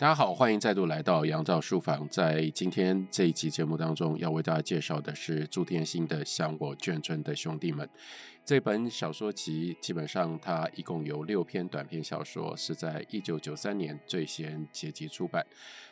大家好，歡迎再度來到楊照書房。在今天這一集節目當中，要為大家介紹的是朱天心的《想我眷村的兄弟們》。這本小說集基本上，它一共有六篇短篇小說，是在一九九三年最先結集出版。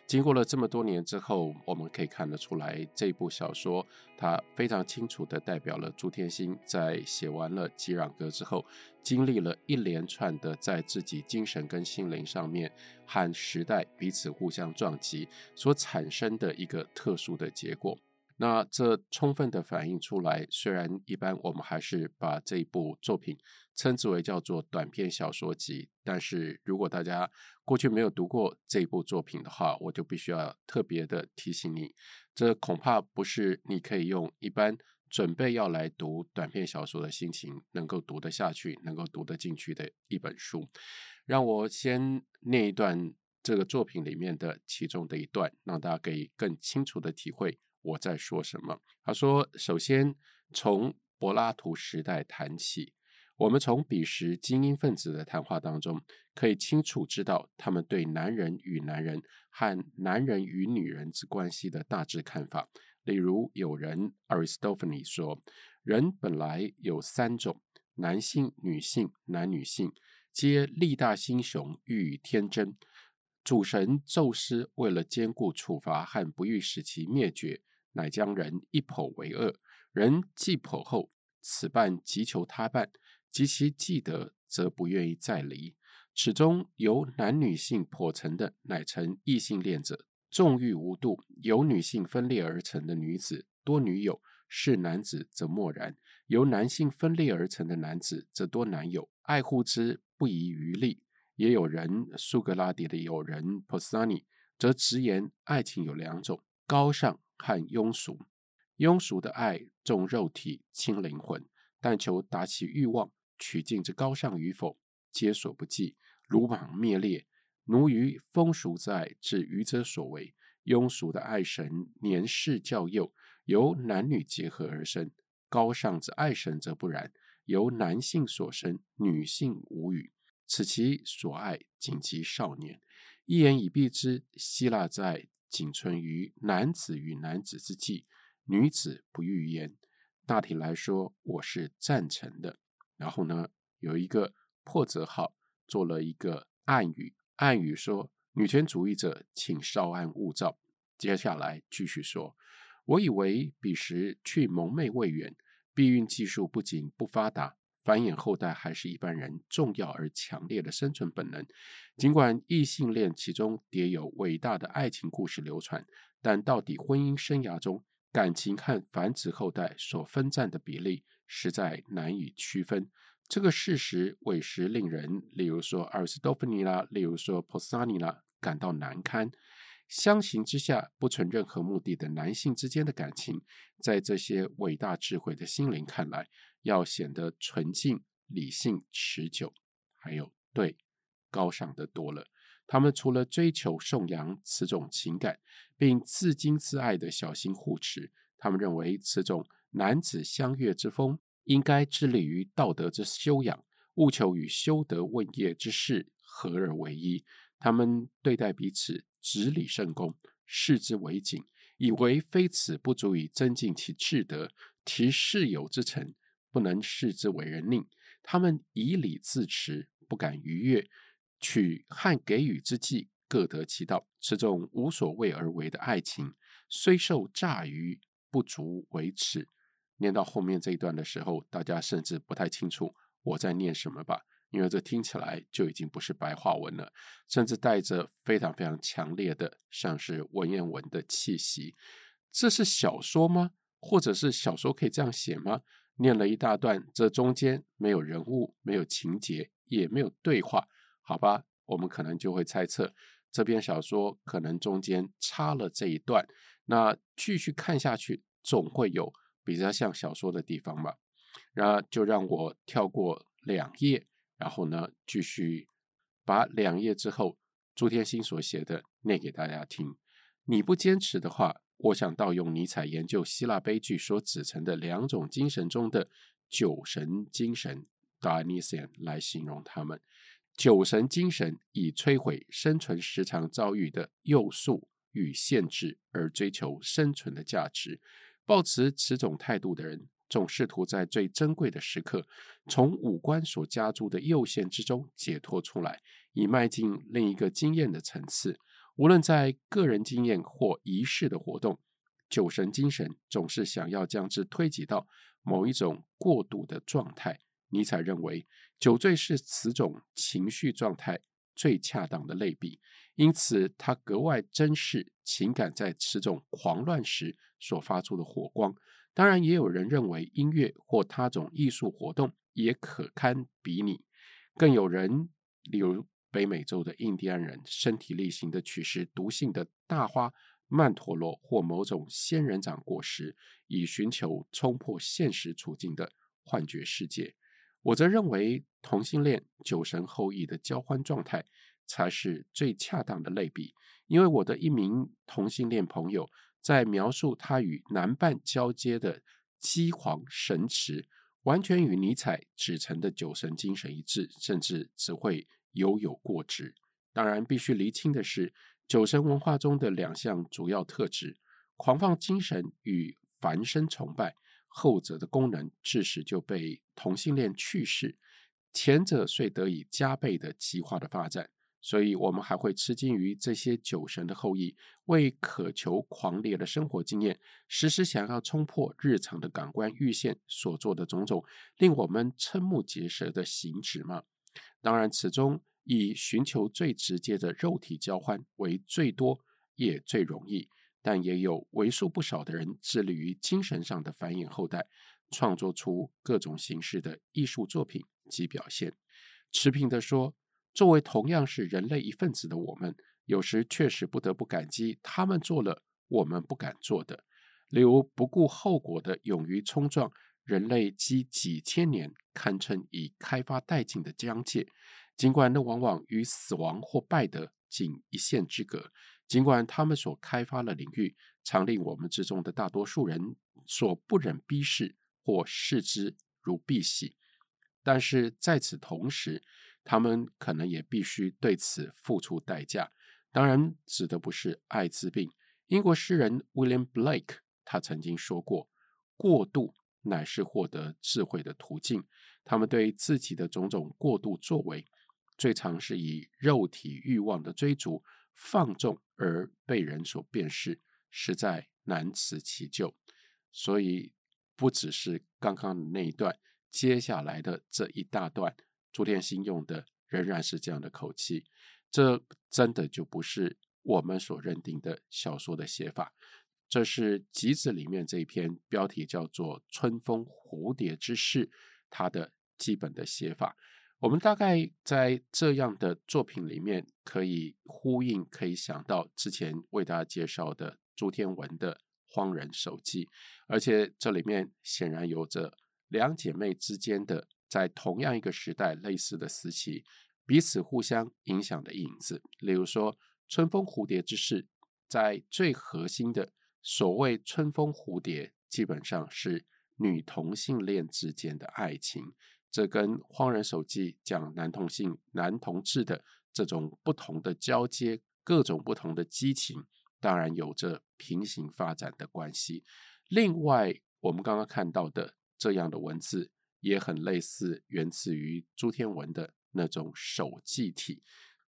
經過了這麼多年之後，我們可以看得出來，這部小說它非常清楚地代表了朱天心在寫完了《擊壤歌》之後，經歷了一連串的在自己精神跟心靈上面和時代彼此互相撞擊所產生的一個特殊的結果。那這充分的反映出來，雖然一般我們還是把這一部作品稱之為叫做短篇小說集，但是如果大家過去沒有讀過這一部作品的話，我就必須要特別的提醒你，這恐怕不是你可以用一般準備要來讀短篇小說的心情能夠讀得下去、能夠讀得進去的一本書。讓我先念一段這個作品裡面的其中的一段，讓大家可以更清楚的體會。我在說什麼？他說：“首先，從柏拉圖時代談起，我們從彼時精英分子的談話當中，可以清楚知道他們對男人與男人和男人與女人之關係的大致看法。例如，有人 Aristophanes 說，人本來有三種：男性、女性、男女性，皆力大心雄，欲與天爭。”主神宙斯為了兼顧處罰和不欲使其滅絕，乃將人一剖為二。人既剖後，此半即求他半，及其既得，則不願意再離。此中由男女性剖成的，乃成異性戀者，縱欲無度；由女性分裂而成的女子多女友，是男子則漠然；由男性分裂而成的男子則多男友，愛護之不遺餘力。也有人，蘇格拉底的友人 Posani，則直言愛情有兩種：高尚和庸俗。庸俗的愛重肉體輕靈魂，但求達其欲望，取境之高尚與否，皆所不計，魯莽滅裂，奴於風俗之愛，是愚者所為。庸俗的愛神年事較幼，由男女結合而生；高尚之愛神則不然，由男性所生，女性無與。此其所愛僅及少年，一言以蔽之：希臘在僅存於男子與男子之際，女子不欲言。大體來說，我是贊成的。然後呢，有一個破折號，做了一個暗語，暗語說：“女權主義者，請稍安勿躁。”接下來繼續說，我以為彼時去蒙昧未遠，避孕技術不僅不發達。繁衍後代還是一般人重要而強烈的生存本能，儘管異性戀其中也有偉大的愛情故事流傳，但到底婚姻生涯中感情和繁殖後代所分占的比例實在難以區分。這個事實委實令人，例如說阿里斯多芬尼啦，例如說波薩尼啦，感到難堪。相形之下，不存任何目的的男性之間的感情，在這些偉大智慧的心靈看來。要顯得純淨、理性、持久，還有對，高尚的多了。他們除了追求頌揚此種情感，並自矜自愛的小心護持，他們認為此種男子相悅之風，應該致力於道德之修養，務求與修德問業之事合而為一。他們對待彼此執禮甚恭，視之為景，以為非此不足以增進其智德，提事友之成。不能視之為人命。他們以禮自持，不敢逾越，取漢給予之際，各得其道，此種無所謂而為的愛情，雖受詐於不足為恥。念到後面這一段的時候，大家甚至不太清楚我在念什麼吧？因為這聽起來就已經不是白話文了，甚至帶着非常非常強烈的像是文言文的氣息。這是小說嗎？或者是小說可以這樣寫嗎？念了一大段，這中間沒有人物，沒有情節，也沒有對話，好吧？我們可能就會猜測，這篇小說可能中間插了這一段。那繼續看下去，總會有比較像小說的地方吧。那就讓我跳過兩頁，然後呢，繼續把兩頁之後朱天心所寫的念給大家聽。你不堅持的話。我想盜用尼采研究希臘悲劇所指稱的兩種精神中的酒神精神 （Dionysian） 來形容他們。酒神精神以摧毀生存時常遭遇的約束與限制，而追求生存的價值。抱持此種態度的人，總試圖在最珍貴的時刻，從五官所加注的右限之中解脫出來，以邁進另一個經驗的層次。無論在個人經驗或儀式的活動，酒神精神總是想要將之推及到某一種過度的狀態。尼采認為，酒醉是此種情緒狀態最恰當的類比，因此他格外珍視情感在此種狂亂時所發出的火光。當然，也有人認為音樂或他種藝術活動也可堪比擬。更有人，例如，北美洲的印第安人身體力行的取食毒性的大花曼陀羅或某種仙人掌果實，以尋求衝破現實處境的幻覺世界。我則認為同性戀酒神後裔的交歡狀態才是最恰當的類比，因為我的一名同性戀朋友在描述他與男伴交接的機皇神馳，完全與尼采指稱的酒神精神一致，甚至只會。猶有，有過之。當然，必須釐清的是，酒神文化中的兩項主要特質：狂放精神與繁生崇拜。後者的功能，自始就被同性戀驅使；前者遂得以加倍的極化的發展。所以，我們還會吃驚於這些酒神的後裔為渴求狂烈的生活經驗，時時想要衝破日常的感官閾限所做的種種令我們瞠目結舌的行止嗎？當然，此中以尋求最直接的肉體交歡為最多，也最容易。但也有為數不少的人致力於精神上的繁衍後代，創作出各種形式的藝術作品及表現。持平地說，作為同樣是人類一份子的我們，有時確實不得不感激他們做了我們不敢做的，例如不顧後果的勇於衝撞。人類幾幾千年堪稱已開發殆盡的疆界，儘管那往往與死亡或敗德僅一線之隔，儘管他們所開發的領域常令我們之中的大多數人所不忍逼視或視之如敝屣，但是在此同時，他們可能也必須對此付出代價。當然，指的不是艾滋病。英國詩人 William Blake 他曾經說過：“過度。”乃是獲得智慧的途徑。他們對自己的種種過度作為，最常是以肉體慾望的追逐、放縱而被人所辨識，實在難辭其咎。所以，不只是剛剛的那一段，接下來的這一大段，朱天心用的仍然是這樣的口氣。這真的就不是我們所認定的小說的寫法。這是集子裡面這一篇標題叫做《春風蝴蝶之事》，它的基本的寫法，我們大概在這樣的作品裡面可以呼應，可以想到之前為大家介紹的朱天文的《荒人手記》，而且這裡面顯然有着兩姐妹之間的在同樣一個時代類似的時期，彼此互相影響的影子。例如說，《春風蝴蝶之事》在最核心的。所謂“春風蝴蝶”，基本上是女同性戀之間的愛情。這跟《荒人手記》講男同性男同志的這種不同的交接、各種不同的激情，當然有着平行發展的關係。另外，我們剛剛看到的這樣的文字，也很類似源自於朱天文的那種手記體。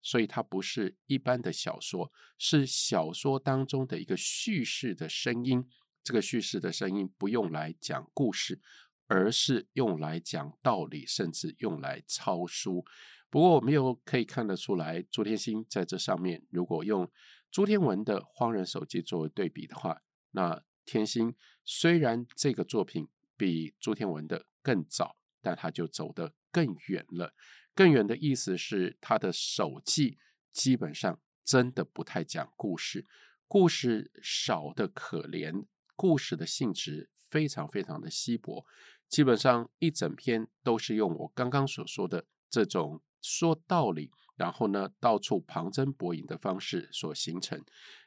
所以它不是一般的小說，是小說當中的一個敘事的聲音。這個敘事的聲音不用來講故事，而是用來講道理，甚至用來抄書。不過我們又可以看得出來，朱天心在這上面，如果用朱天文的《荒人手記》作為對比的話，那天心雖然這個作品比朱天文的更早，但它就走得更遠了。更遠的意思是，他的手記基本上真的不太講故事，故事少得可憐，故事的性質非常非常的稀薄，基本上一整篇都是用我剛剛所說的這種說道理，然後呢到處旁徵博引的方式所形成，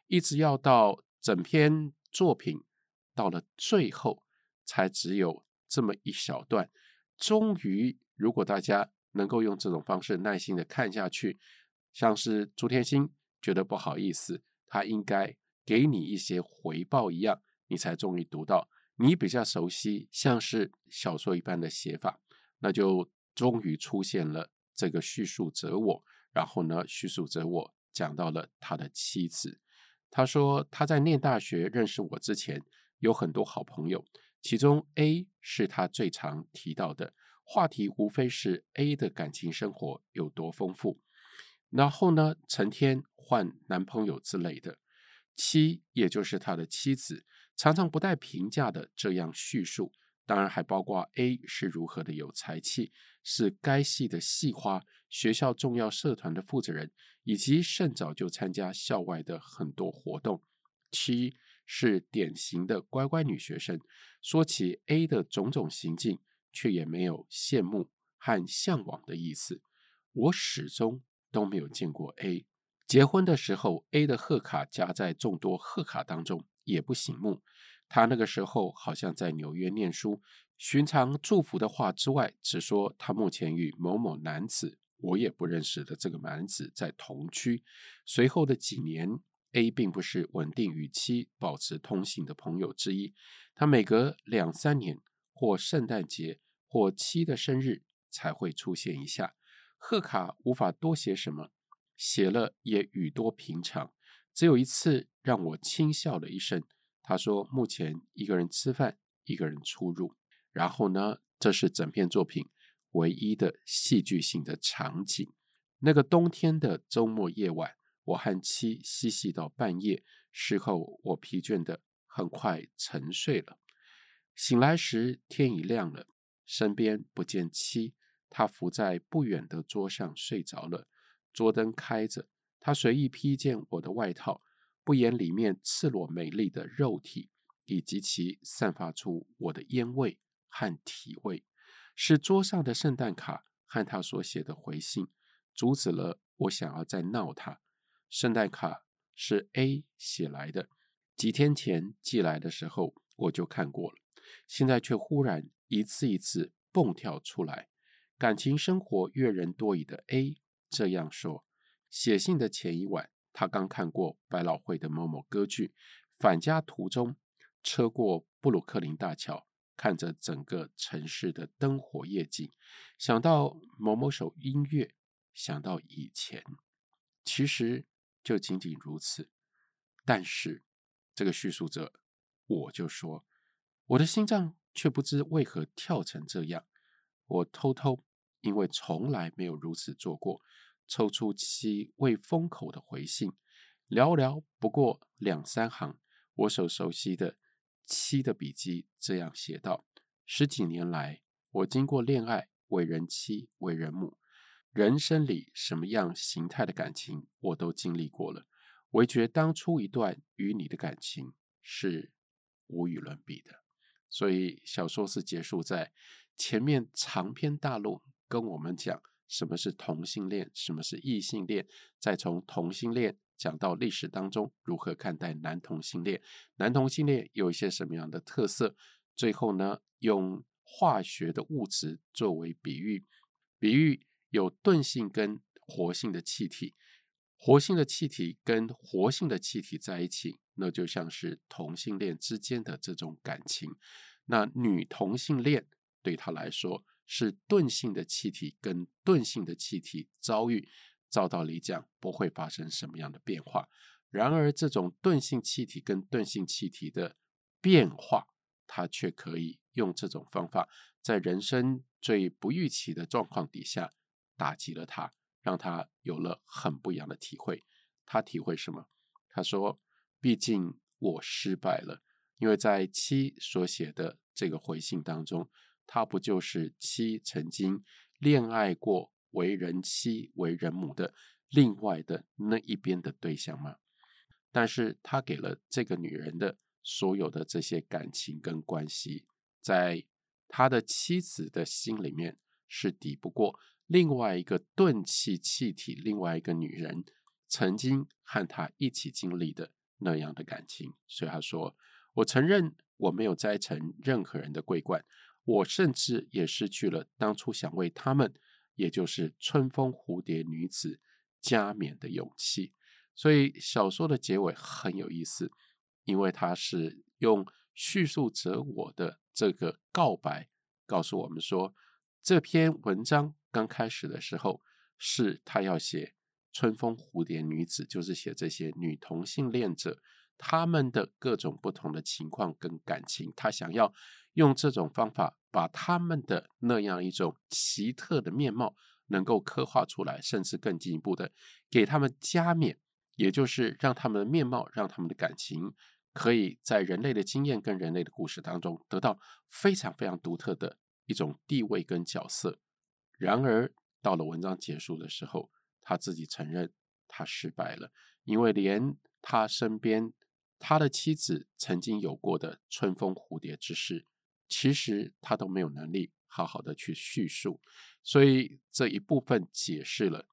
一直要到整篇作品到了最後，才只有這麼一小段。終於，如果大家。能夠用這種方式耐心的看下去，像是朱天心覺得不好意思，他應該給你一些回報一樣，你才終於讀到你比較熟悉，像是小說一般的寫法，那就終於出現了這個敘述者我，然後呢，敘述者我講到了他的妻子，他說他在念大學認識我之前有很多好朋友，其中 A 是他最常提到的。話題無非是 A 的感情生活有多豐富，然後呢，成天換男朋友之類的。七，也就是他的妻子，常常不帶評價的這樣敘述，當然還包括 A 是如何的有才氣，是該系的系花，學校重要社團的負責人，以及甚早就參加校外的很多活動。七是典型的乖乖女學生，說起 A 的種種行徑，卻也沒有羨慕和嚮往的意思。我始終都沒有見過 A。結婚的時候，A 的賀卡夾在眾多賀卡當中，也不醒目。他那個時候好像在紐約唸書，尋常祝福的話之外，只說他目前與某某男子，我也不認識的這個男子在同居。隨後的幾年，A 並不是穩定與妻保持通信的朋友之一。他每隔兩三年，或聖誕節，或妻的生日才會出現一下。賀卡無法多寫什麼，寫了也語多平常。只有一次讓我輕笑了一聲。他說：“目前一個人吃飯，一個人出入。”然後呢，這是整篇作品唯一的戲劇性的場景。那個冬天的週末夜晚，我和妻嬉戲到半夜，事後我疲倦得很快沉睡了。醒來時，天已亮了，身邊不見妻，他伏在不遠的桌上睡着了。桌燈開着，他隨意披一件我的外套，不掩裡面赤裸美麗的肉體，以及其散發出我的菸味和體味。是桌上的聖誕卡和他所寫的回信阻止了我想要再鬧他。聖誕卡是 A 寫來的，幾天前寄來的時候我就看過了。現在卻忽然一次一次蹦跳出來，感情生活閱人多矣的 A 這樣說：寫信的前一晚，他剛看過百老匯的某某歌劇，返家途中車過布魯克林大橋，看着整個城市的燈火夜景，想到某某首音樂，想到以前，其實就僅僅如此。但是這個敘述者，我就說。我的心臟卻不知為何跳成這樣。我偷偷，因為從來沒有如此做過，抽出七未封口的回信，寥寥不過兩三行。我所熟悉的七的筆跡這樣寫道：十幾年來，我經過戀愛、為人妻、為人母，人生裡什麼樣形態的感情我都經歷過了，唯覺得當初一段與你的感情是無與倫比的。所以小說是結束在前面長篇大論跟我們講什麼是同性戀，什麼是異性戀，再從同性戀講到歷史當中如何看待男同性戀，男同性戀有一些什麼樣的特色，最後呢，用化學的物質作為比喻，比喻有鈍性跟活性的氣體。活性的氣體跟活性的氣體在一起，那就像是同性戀之間的這種感情。那女同性戀對他來說是鈍性的氣體跟鈍性的氣體遭遇，照道理講不會發生什麼樣的變化。然而，這種鈍性氣體跟鈍性氣體的變化，他卻可以用這種方法在人生最不預期的狀況底下打擊了他。讓他有了很不一樣的體會。他體會什麼？他說：“畢竟我失敗了，因為在妻所寫的這個回信當中，他不就是妻曾經戀愛過、為人妻、為人母的另外的那一邊的對象嗎？但是，他給了這個女人的所有的這些感情跟關係，在他的妻子的心裡面是抵不過。”另外一個鈍器氣體，另外一個女人曾經和他一起經歷的那樣的感情，所以他說：“我承認我沒有摘成任何人的桂冠，我甚至也失去了當初想為他們，也就是春風蝴蝶女子加冕的勇氣。”所以小說的結尾很有意思，因為他是用敘述者我的這個告白告訴我們說，這篇文章，剛開始的時候，是他要寫《春風蝴蝶女子》，就是寫這些女同性戀者她們的各種不同的情況跟感情。他想要用這種方法把她們的那樣一種奇特的面貌能夠刻畫出來，甚至更進一步的給她們加冕，也就是讓她們的面貌、讓她們的感情可以在人類的經驗跟人類的故事當中得到非常非常獨特的一種地位跟角色。然而，到了文章結束的時候，他自己承認他失敗了，因為連他身邊他的妻子曾經有過的春風蝴蝶之事，其實他都沒有能力好好的去敘述。所以這一部分解釋了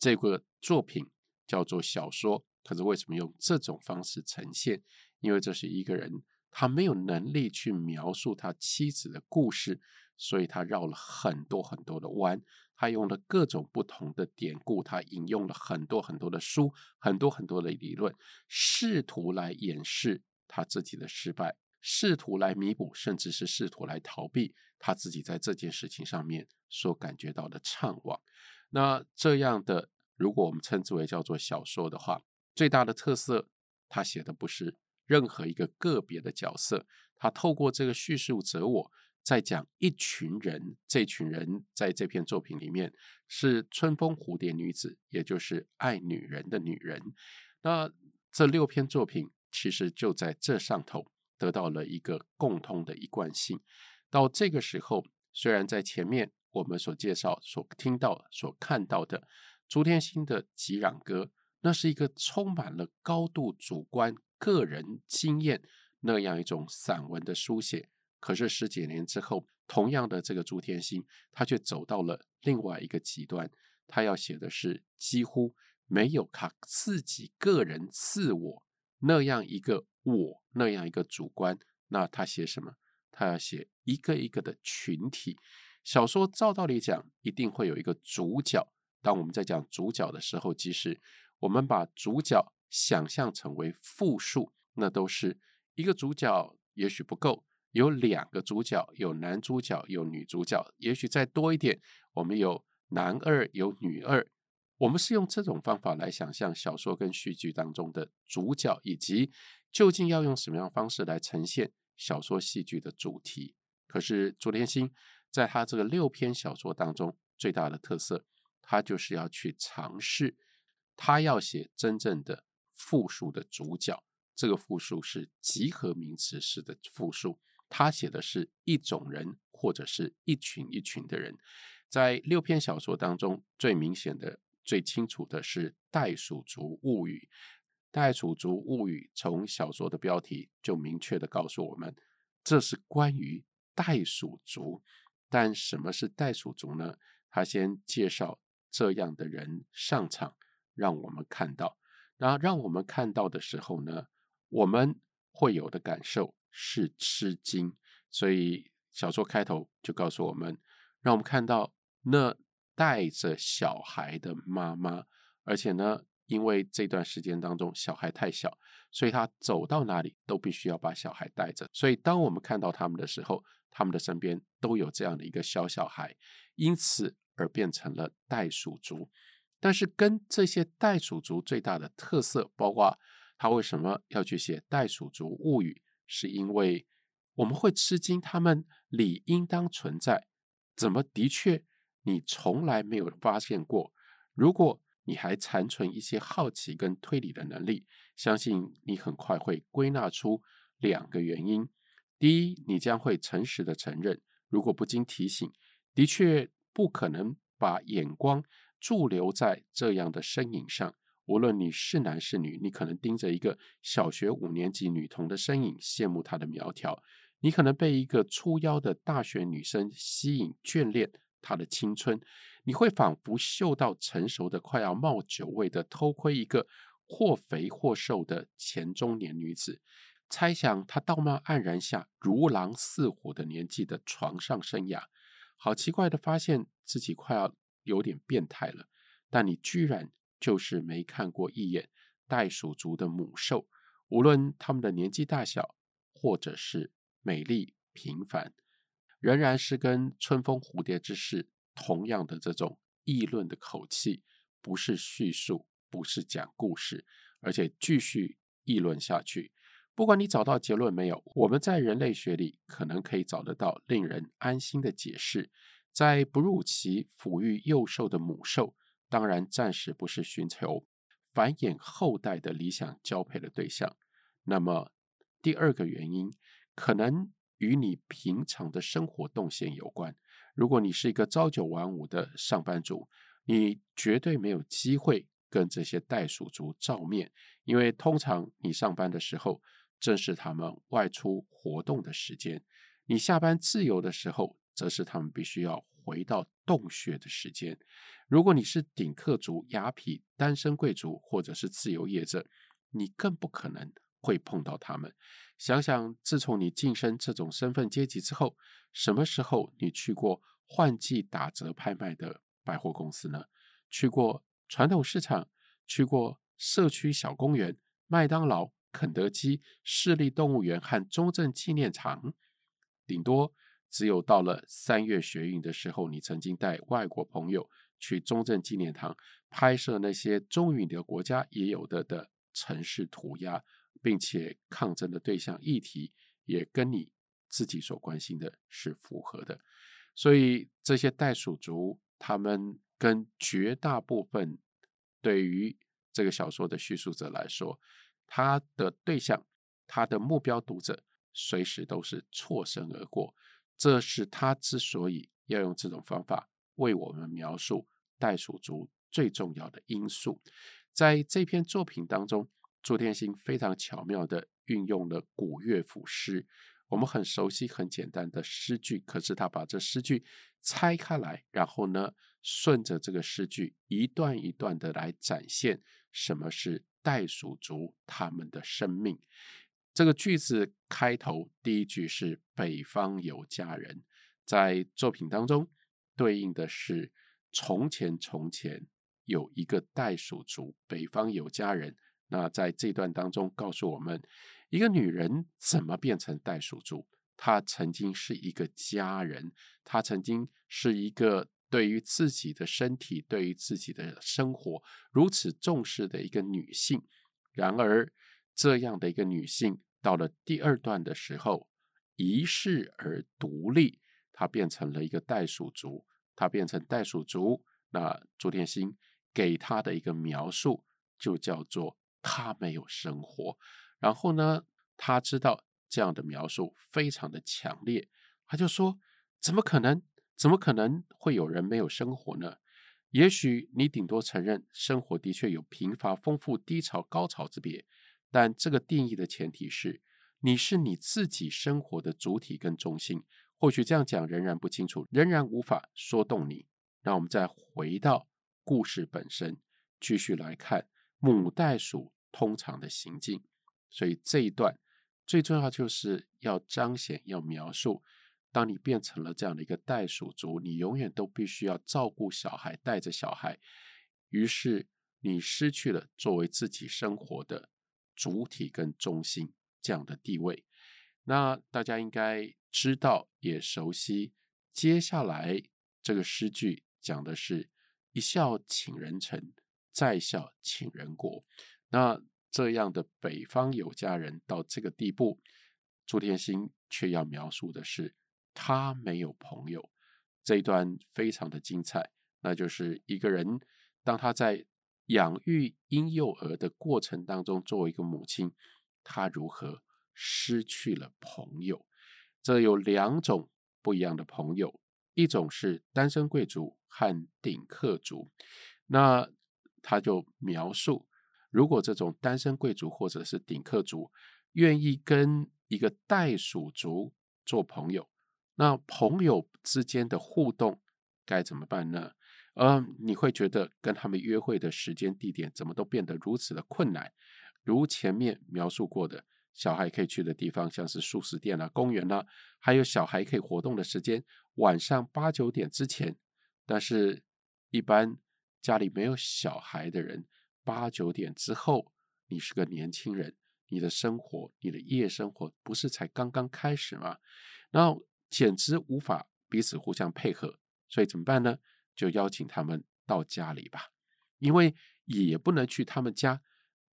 這個作品叫做小說，可是為什麼用這種方式呈現？因為這是一個人他沒有能力去描述他妻子的故事。所以他繞了很多很多的彎，他用了各種不同的典故，他引用了很多很多的書，很多很多的理論，試圖來掩飾他自己的失敗，試圖來彌補，甚至是試圖來逃避他自己在這件事情上面所感覺到的悵惘。那這樣的，如果我們稱之為叫做小說的話，最大的特色，他寫的不是任何一個個別的角色，他透過這個敘述者我，在講一群人，這群人在這篇作品裡面是春風蝴蝶女子，也就是愛女人的女人。那這六篇作品其實就在這上頭得到了一個共通的一貫性。到這個時候，雖然在前面我們所介紹、所聽到、所看到的朱天心的《擊壤歌》，那是一個充滿了高度主觀個人經驗那樣一種散文的書寫。可是十幾年之後，同樣的這個朱天心，他卻走到了另外一個極端。他要寫的是幾乎沒有他自己個人自我那樣一個我，那樣一個主觀。那他寫什麼？他要寫一個一個的群體。小說照道理講，一定會有一個主角。當我們在講主角的時候，其實我們把主角想象成為複數，那都是一個主角也許不夠。有兩個主角，有男主角，有女主角，也許再多一點。我們有男二，有女二。我們是用這種方法來想象小說跟戲劇當中的主角，以及究竟要用什麼樣的方式來呈現小說戲劇的主題。可是，朱天心在他這個六篇小說當中最大的特色，他就是要去嘗試，他要寫真正的複數的主角。這個複數是集合名詞式的複數。他寫的是一種人，或者是一群一群的人，在六篇小說當中，最明顯的、最清楚的是《袋鼠族物語》。《袋鼠族物語》從小說的標題就明確的告訴我們，這是關於袋鼠族。但什麼是袋鼠族呢？他先介紹這樣的人上場，讓我們看到。那讓我們看到的時候呢，我們會有的感受。是吃驚，所以小說開頭就告訴我們，讓我們看到那帶着小孩的媽媽，而且呢，因為這段時間當中小孩太小，所以他走到哪裡都必須要把小孩帶着。所以當我們看到他們的時候，他們的身邊都有這樣的一個小小孩，因此而變成了袋鼠族。但是跟這些袋鼠族最大的特色，包括他為什麼要去寫袋鼠族物語？是因為我們會吃驚，他們理應當存在，怎麼的確你從來沒有發現過？如果你還殘存一些好奇跟推理的能力，相信你很快會歸納出兩個原因。第一，你將會誠實地承認，如果不經提醒，的確不可能把眼光駐留在這樣的身影上。無論你是男是女，你可能盯着一個小學五年級女童的身影，羨慕她的苗條；你可能被一個粗腰的大學女生吸引，眷戀她的青春；你會仿佛嗅到成熟的快要冒酒味的，偷窺一個或肥或瘦的前中年女子，猜想她道貌岸然下如狼似虎的年紀的床上生涯。好奇怪的，發現自己快要有點變態了，但你居然。就是沒看過一眼袋鼠族的母獸，無論他們的年紀大小，或者是美麗平凡，仍然是跟春風蝴蝶之事同樣的這種議論的口氣，不是敘述，不是講故事，而且繼續議論下去。不管你找到結論沒有，我們在人類學裡可能可以找得到令人安心的解釋，在哺乳期撫育幼獸的母獸。當然，暫時不是尋求繁衍後代的理想交配的對象。那麼，第二個原因可能與你平常的生活動線有關。如果你是一個朝九晚五的上班族，你絕對沒有機會跟這些袋鼠族照面，因為通常你上班的時候正是他們外出活動的時間，你下班自由的時候則是他們必須要。回到洞穴的時間。如果你是頂客族、雅痞、單身貴族，或者是自由業者，你更不可能會碰到他們。想想，自從你晉升這種身份階級之後，什麼時候你去過換季打折拍賣的百貨公司呢？去過傳統市場？去過社區小公園？麥當勞、肯德基、市立動物園和中正紀念堂？頂多。只有到了三月學運的時候，你曾經帶外國朋友去中正紀念堂拍攝那些忠於你的國家也有的的城市塗鴉，並且抗爭的對象議題也跟你自己所關心的是符合的。所以這些袋鼠族，他們跟絕大部分對於這個小說的敘述者來說，他的對象、他的目標讀者，隨時都是錯身而過。這是他之所以要用這種方法為我們描述袋鼠族最重要的因素。在這篇作品當中，朱天心非常巧妙地運用了古樂府詩，我們很熟悉、很簡單的詩句。可是他把這詩句拆開來，然後呢，順着這個詩句一段一段的來展現什麼是袋鼠族他們的生命。這個句子開頭第一句是“北方有佳人”，在作品當中對應的是“從前從前有一個袋鼠族”。北方有佳人，那在這段當中告訴我們，一個女人怎麼變成袋鼠族？她曾經是一個佳人，她曾經是一個對於自己的身體、對於自己的生活如此重視的一個女性，然而。這樣的一個女性，到了第二段的時候，遺世而獨立，她變成了一個袋鼠族，她變成袋鼠族。那朱天心給她的一個描述，就叫做她沒有生活。然後呢，他知道這樣的描述非常的強烈，他就說：怎麼可能？怎麼可能會有人沒有生活呢？也許你頂多承認生活的確有貧乏、豐富、低潮、高潮之別。但這個定義的前提是，你是你自己生活的主體跟中心。或許這樣講仍然不清楚，仍然無法說動你。那我們再回到故事本身，繼續來看母袋鼠通常的行徑。所以這一段最重要就是要彰顯、要描述：當你變成了這樣的一個袋鼠族，你永遠都必須要照顧小孩、帶着小孩。於是你失去了作為自己生活的。主體跟中心這樣的地位，那大家應該知道也熟悉。接下來這個詩句講的是“一笑傾人城，再笑傾人國”。那這樣的北方有佳人到這個地步，朱天心卻要描述的是他沒有朋友。這一段非常的精彩，那就是一個人當他在。養育嬰幼兒的過程當中，作為一個母親，她如何失去了朋友？這有兩種不一樣的朋友，一種是單身貴族和頂客族。那他就描述，如果這種單身貴族或者是頂客族願意跟一個袋鼠族做朋友，那朋友之間的互動該怎麼辦呢？呃、嗯，你會覺得跟他們約會的時間、地點怎麼都變得如此的困難？如前面描述過的，小孩可以去的地方，像是速食店啊、公園啊，還有小孩可以活動的時間，晚上八九點之前。但是，一般家裡沒有小孩的人，八九點之後，你是個年輕人，你的生活、你的夜生活不是才剛剛開始嗎？然後，簡直無法彼此互相配合。所以，怎麼辦呢？就邀請他們到家裡吧，因為也不能去他們家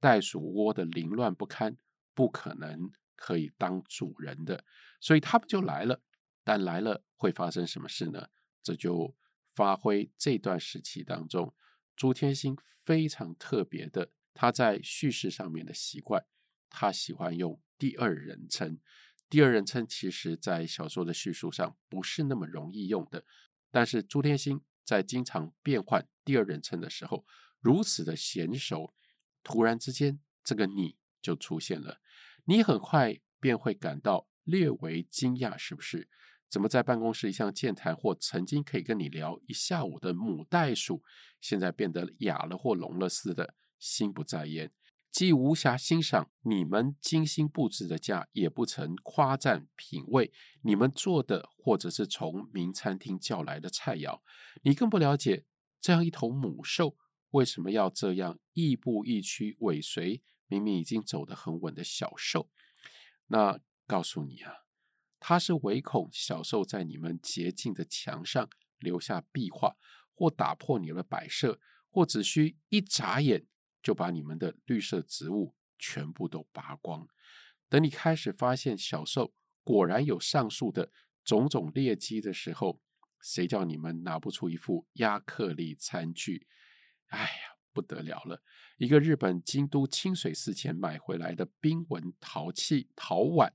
袋鼠窩的凌亂不堪，不可能可以當主人的，所以他們就來了。但來了會發生什麼事呢？這就發揮這段時期當中朱天心非常特別的他，在敘事上面的習慣，他喜歡用第二人稱。第二人稱其實在小說的敘述上不是那麼容易用的，但是朱天心在經常變換第二人稱的時候，如此的嫻熟，突然之間，這個你就出現了。你很快便會感到略微驚訝，是不是？怎麼在辦公室一向健談或曾經可以跟你聊一下午的母袋鼠，現在變得啞了或聾了似的，心不在焉？既無暇欣賞你們精心佈置的家，也不曾誇讚品味你們做的，或者是從名餐廳叫來的菜餚。你更不了解這樣一頭母獸為什麼要這樣亦步亦趨尾隨，明明已經走得很穩的小獸。那告訴你啊，它是唯恐小獸在你們潔淨的牆上留下壁畫，或打破你的擺設，或只需一眨眼，就把你們的綠色植物全部都拔光。等你開始發現小獸果然有上述的種種劣跡的時候，誰叫你們拿不出一副壓克力餐具？哎呀，不得了了！一個日本京都清水寺前買回來的冰紋陶器陶碗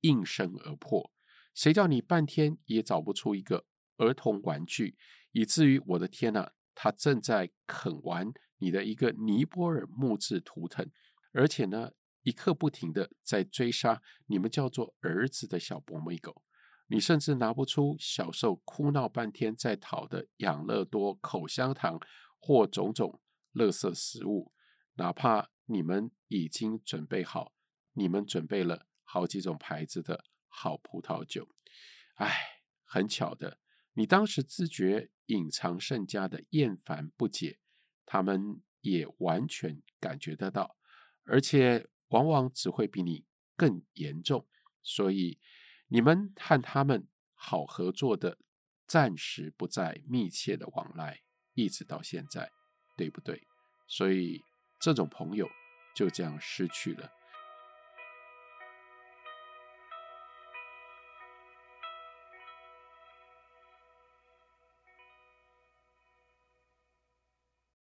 應聲而破。誰叫你半天也找不出一個兒童玩具？以至於我的天哪、啊，他正在啃玩。你的一個尼泊爾木質圖騰，而且呢，一刻不停地在追殺你們叫做兒子的小博美狗。你甚至拿不出小獸哭鬧半天在討的養樂多、口香糖或種種垃圾食物，哪怕你們已經準備好，你們準備了好幾種牌子的好葡萄酒。哎，很巧的，你當時自覺隱藏甚佳的厭煩不解，他們也完全感覺得到，而且往往只會比你更嚴重。所以，你們和他們好合作的，暫時不再密切的往來，一直到現在，對不對？所以，這種朋友就這樣失去了。